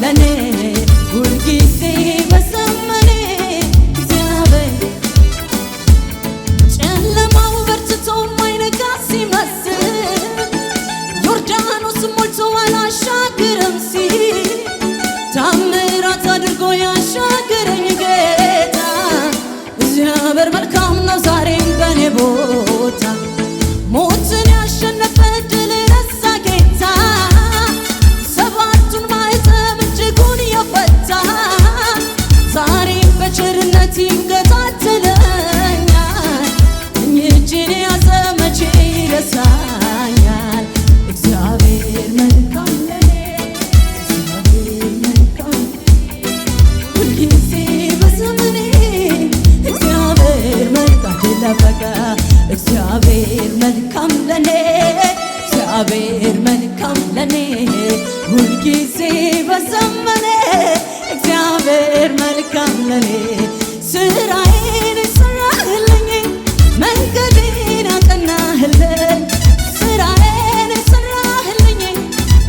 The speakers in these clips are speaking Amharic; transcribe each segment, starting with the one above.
negra. ጠበቀ። እግዚአብሔር መልካም ለኔ፣ እግዚአብሔር መልካም ለኔ፣ ሁልጊዜ በዘመኔ እግዚአብሔር መልካም ለኔ። ስራዬን ሰራህልኝ፣ መንገዴን አቀናህልኝ። ስራዬን ሰራህልኝ፣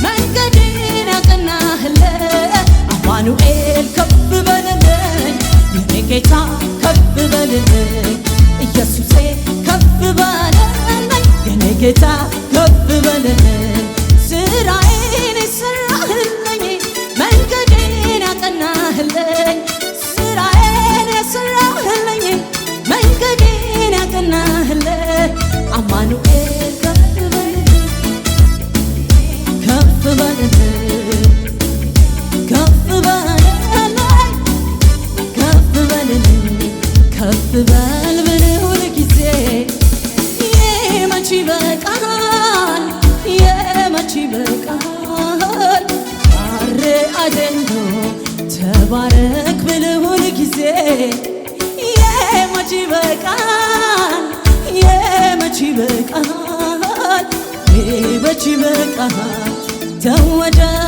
መንገዴን አቀናህልኝ። አማኑኤል ከፍ በልልኝ፣ የኔ ጌታ በልልኝ ጌታ تزوج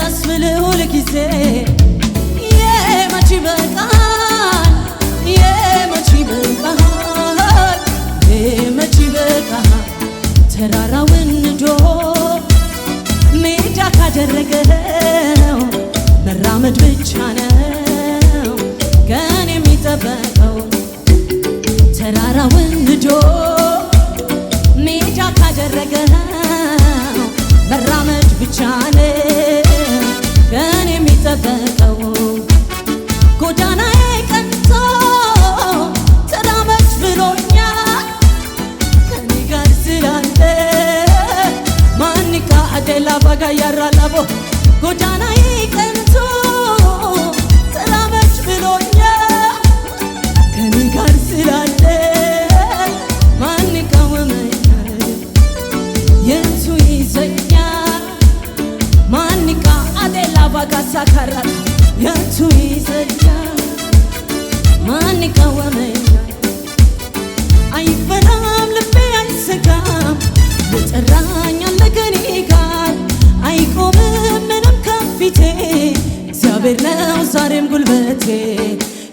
እግዚአብሔር ነው ዛሬም ጉልበቴ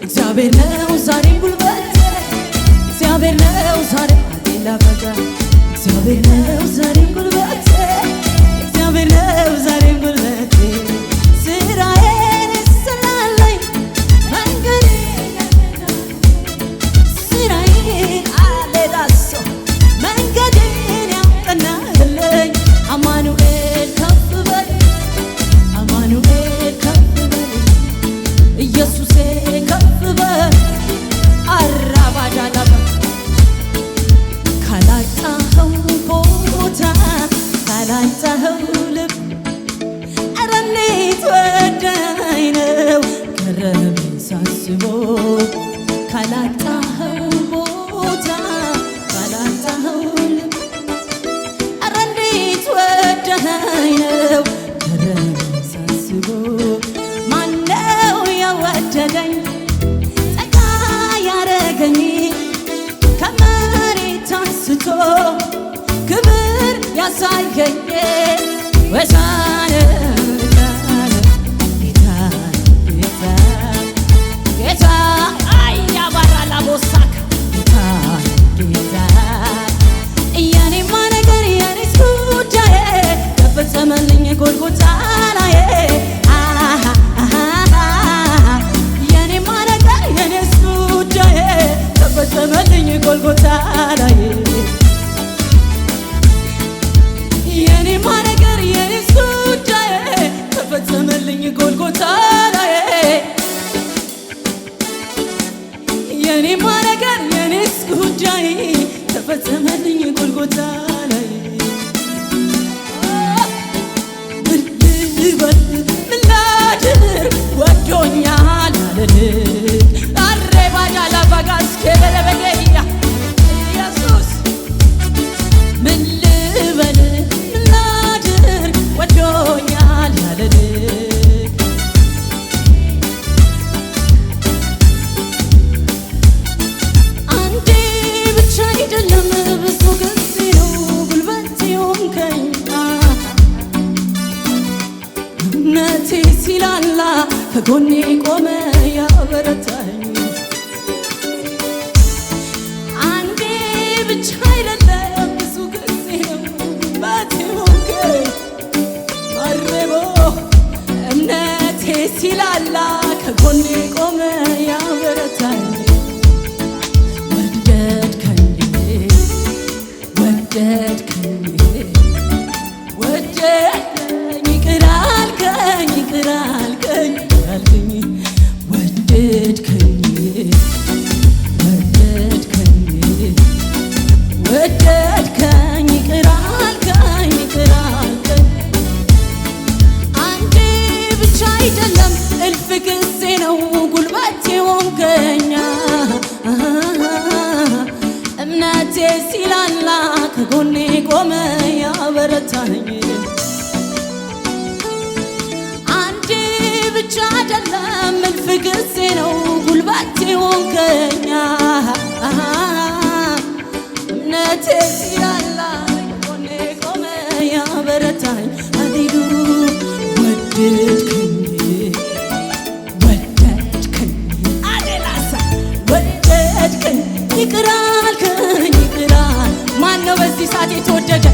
እግዚአብሔር ነው ደረቴ ሲላላ ከጎኔ ቆመ ያበረታኝ አንዴ ብቻ ሲላላ ከጎኔ ቆመ ያበረታኝ ወደድከኝ ወደድከኝ ከጎኔ ቆመ ያበረታኝ አንዴ ብቻ አይደለም እልፍ ጊዜ ነው ጉልባቴ ሆንከኛ እምነቴ ይቅራ በዚህ ሰዓት የተወደደ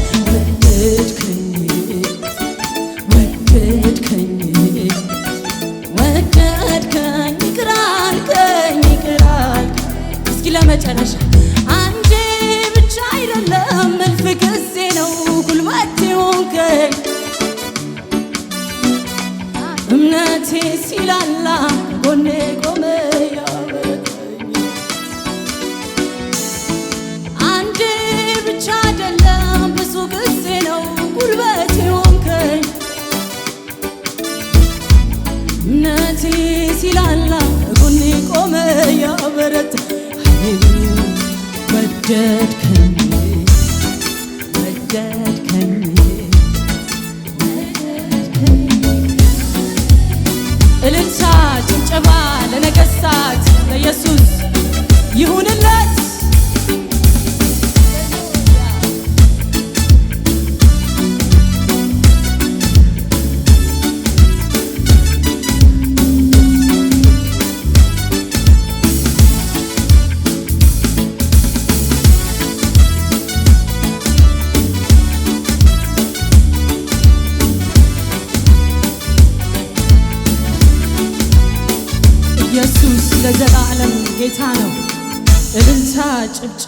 ወደድከኝ ወደድከኝ ለመጨረሻ አንዴ ብቻ አይደለም እልፍ ነው ጉልበቴ ሆንከኝ እምነቴ ሲላላ ረዳ ወደድከኝ ወደድከኝ ጭብጨባ ለኢየሱስ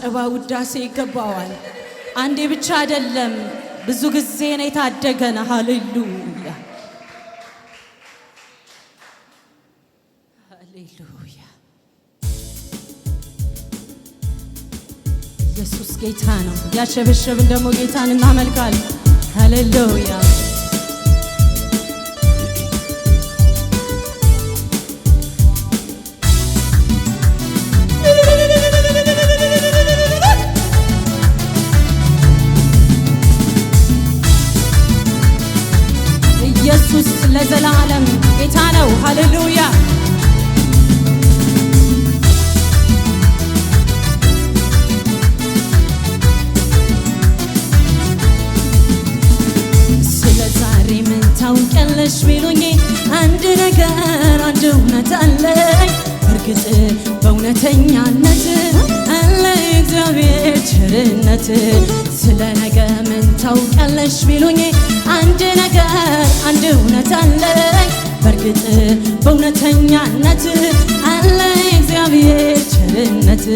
ጭብጨባ ውዳሴ ይገባዋል። አንዴ ብቻ አይደለም፣ ብዙ ጊዜ ነው የታደገን። ሃሌሉያ ሃሌሉያ። ኢየሱስ ጌታ ነው። እያሸበሸብን ደግሞ ጌታን እናመልካለን። ሃሌሉያ ስለ ነገ ምን ታውቂያለሽ ቢሉኝ አንድ ነገር አንድ እውነት አለኝ በእርግጥ በእውነተኛነት አለ እግዚአብሔር ቸርነት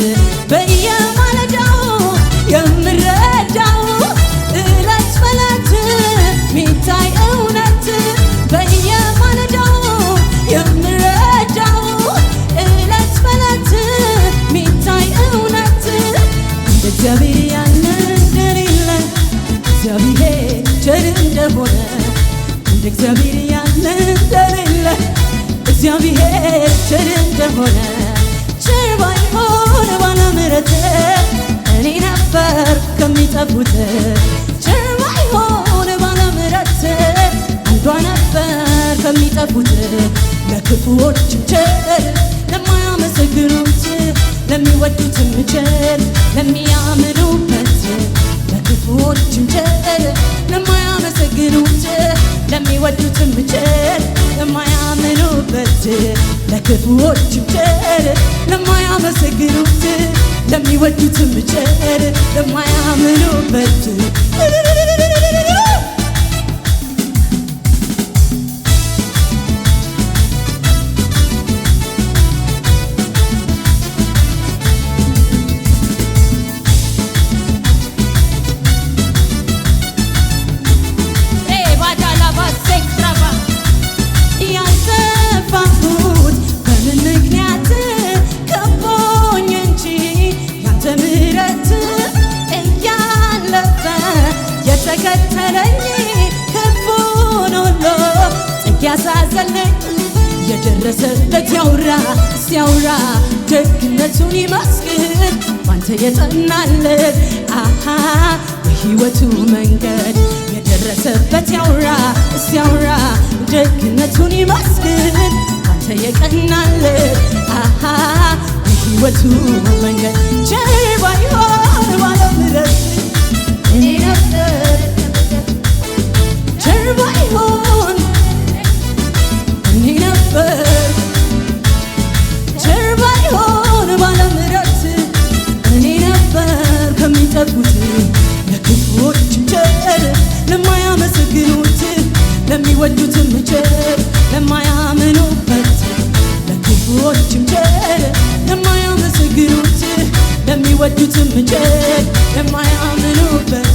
ለክፉዎችም ጭር ለማያመሰግኑት ለሚወዱትም ጭር ለማያምኑበት ሲያውራ ሲያውራ ደግነቱን ይመስክር ባንተ የጸናለት አሃ የሕይወቱ መንገድ የደረሰበት ያውራ ሲያውራ ደግነቱን ይመስክር ባንተ የቀናለት አሃ የሕይወቱ መንገድ ለማይወዱትም ጭር ለማያምኑበት ለክፉዎችም ጭር ለማያመሰግኑት ለሚወዱትም ጭር ለማያምኑበት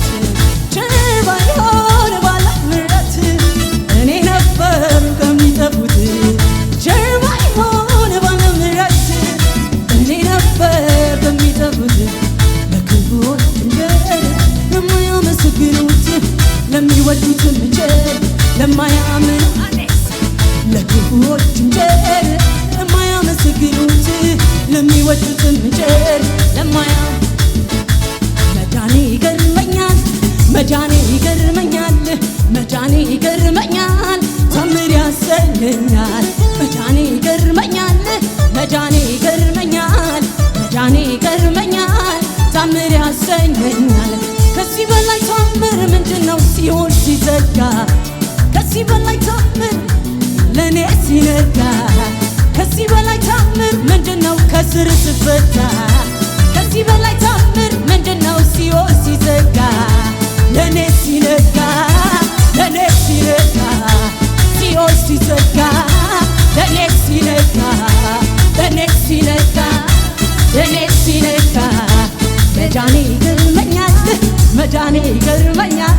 ይገርመኛል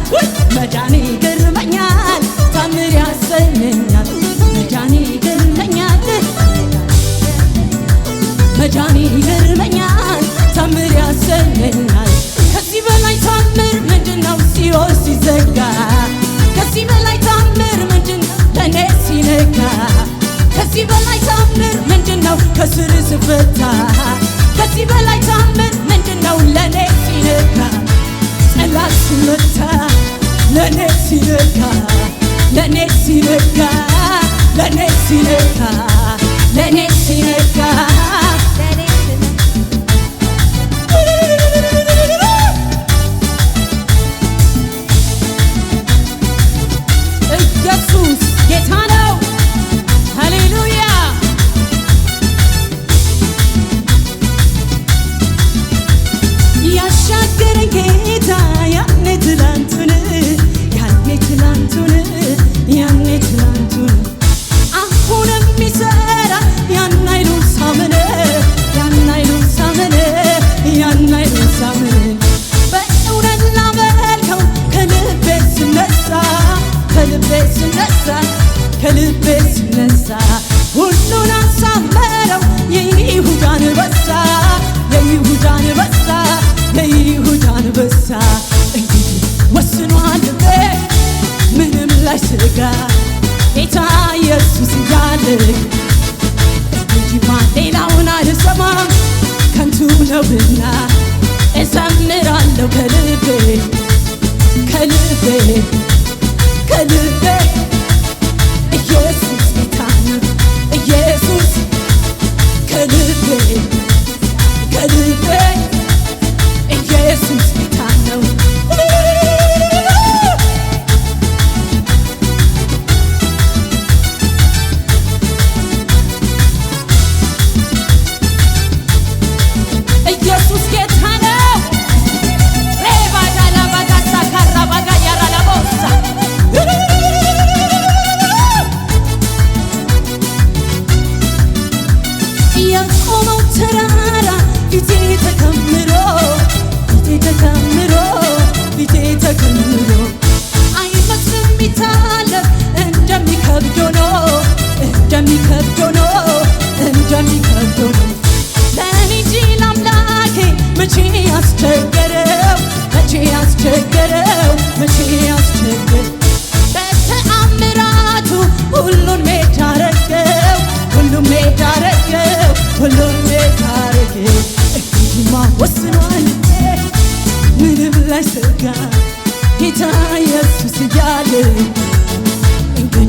መዳኔ ይገርመኛል ታምር ያሰኘኛል መዳኔ ይገርመኛል መዳኔ ይገርመኛል ታምር ያሰኘኛል ከዚህ በላይ ታምር ምንድነው ሲኦል ሲዘጋ ከዚህ በላይ ታምር ምንድን ለእኔ ሲነጋ ከዚህ በላይ ታምር ምንድነው ከስር ስፈታ ከዚህ በላይ ታምር ምንድነው ለእኔ ሲነጋ ጠላት ሲመታ ለኔ ሲነጋ ለኔ ሲነጋ ለኔ ሲነጋ ለኔ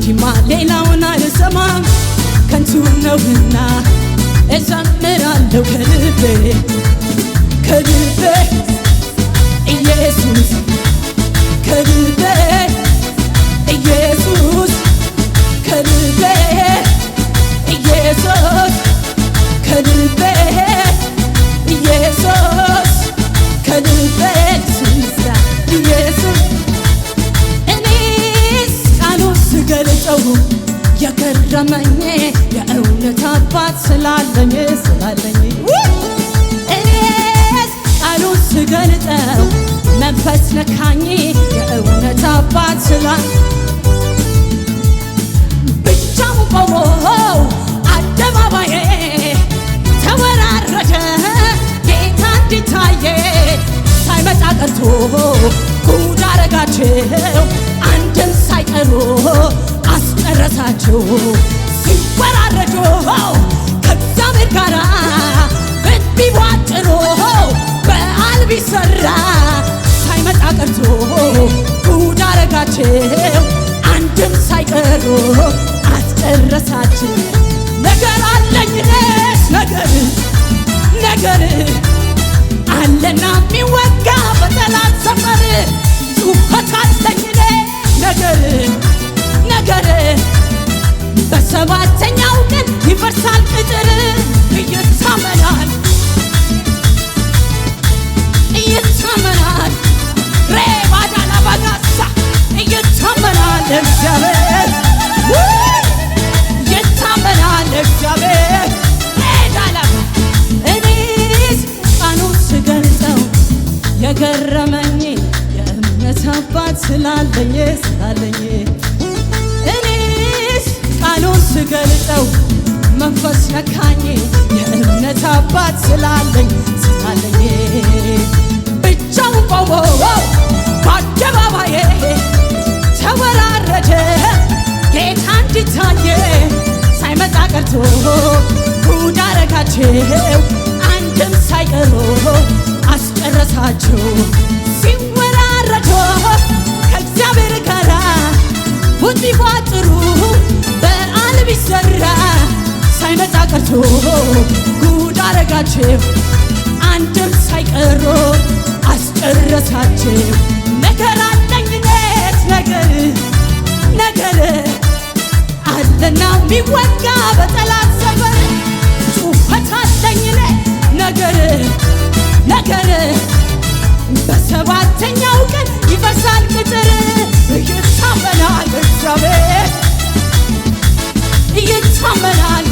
እንጂማ ሌላውን አልሰማም ከንቱ ነውና እዘምራለሁ ከልቤ ከልቤ ኢየሱስ ከልቤ ኢየሱስ ከልቤ ኢየሱስ ከልቤ ኢየሱስ ሳውቀው የገረመኝ የእውነት አባት ስላለኝ ስላለኝ ቃሉን ስገልጠው መንፈስ ነካኝ የእውነት አባት ስላ ብቻው ቆሞ አደባባዬ ተወራረደ ጌታ እንዲታየ ሳይመጣ ቀርቶ ጉድ አረጋቸው አንድም ሳይቀሩ መድረሳችሁ ሲወራረዱ ከእግዚአብሔር ጋር ብት በዓል ቢሰራ ሳይመጣ ቀርቶ ጉድ አረጋችሁ አንድም ሳይቀሩ አስጨረሳችሁ። ነገር አለኝ ነገር ነገር አለና የሚወጋ በጠላት ሰፈር ጩኸት አለኝ ነገር ነገር በሰባተኛው ቀን ይፈርሳል ቅጥር እይታመናል እይታመናል ሬባዳና አበዛችሁ፣ አንድም ሳይቀሩ አስጨረሳችው ነገር አለኝነት ነገር ነገር አለና ሚወጋ በጠላት ሰበር ጩኸት አለኝነት ነገር ነገር በሰባተኛው ቀን ይፈርሳል ቅጥር ይታመናል እግዚአብሔር ይታመናል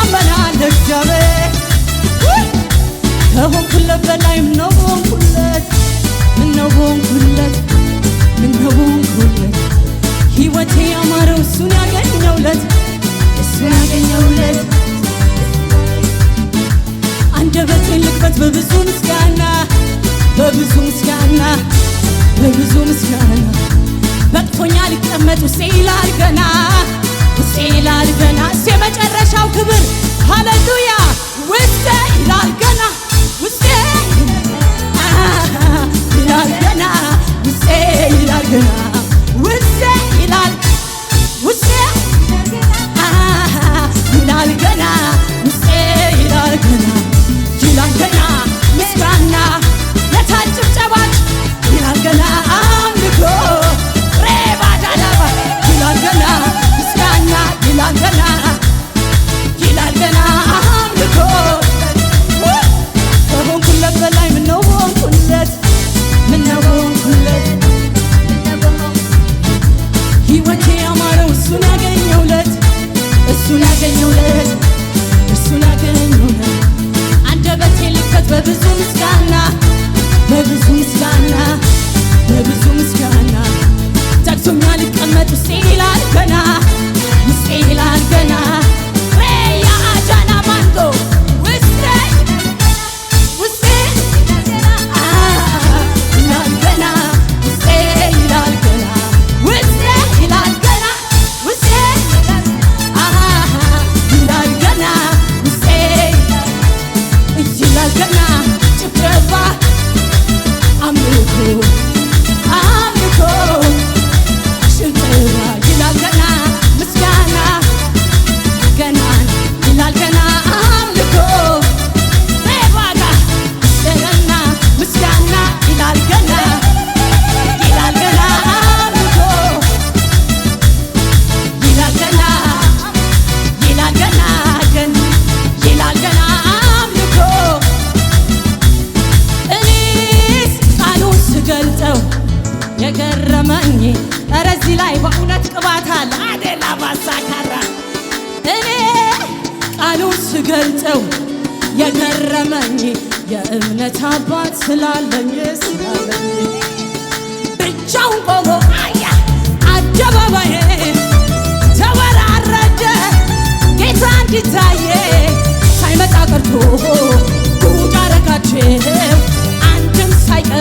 ይታመናል እግዚአብሔር። ከሆንኩለት በላይ ምነው ሆንኩለት፣ ምነው ሆንኩለት፣ ምነው ሆንኩለት። ሕይወቴ ያማረው እሱን ያገኘውለት፣ እሱን ያገኘውለት። አንደበቴን ልክፈት በብዙ ምስጋና፣ በብዙ ምስጋና፣ በብዙ ምስጋና። በቅቶኛል ልቀመጥ ውስጤ ገና ይላል ገና እስ የመጨረሻው ክብር ሃሌሉያ ውስጤ ይላል ገና ውስጤ ይላል ገና ውስጤ ይላል ገና ውስጤ ይላል ውስጤ ይላል ገና ውስጤ ይላል ገና ይላል ገና ምስጋና ለታጭብጨባች ይላል ገና gonna.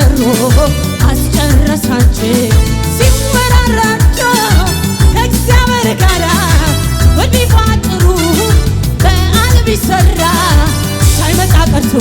እየጠሩ አስጨረሳችሁ ሲወራራቸው ከእግዚአብሔር ጋራ ወዲ ፋጥሩ ቢሰራ ሳይመጣ ቀርቶ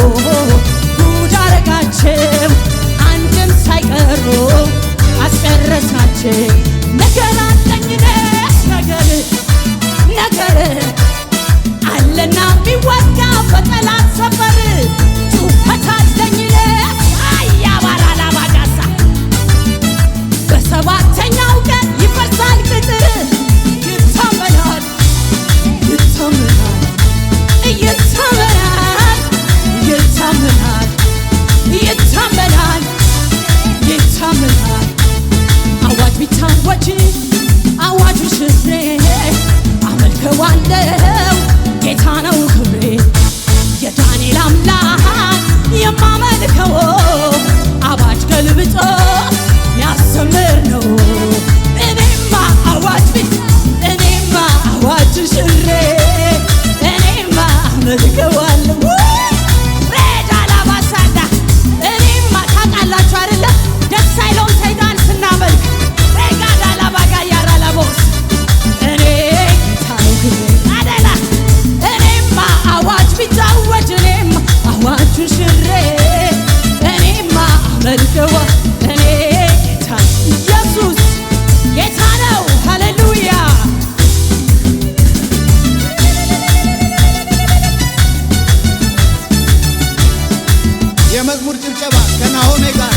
यमक मूर्तीच्या व्याख्यानाओ मेगा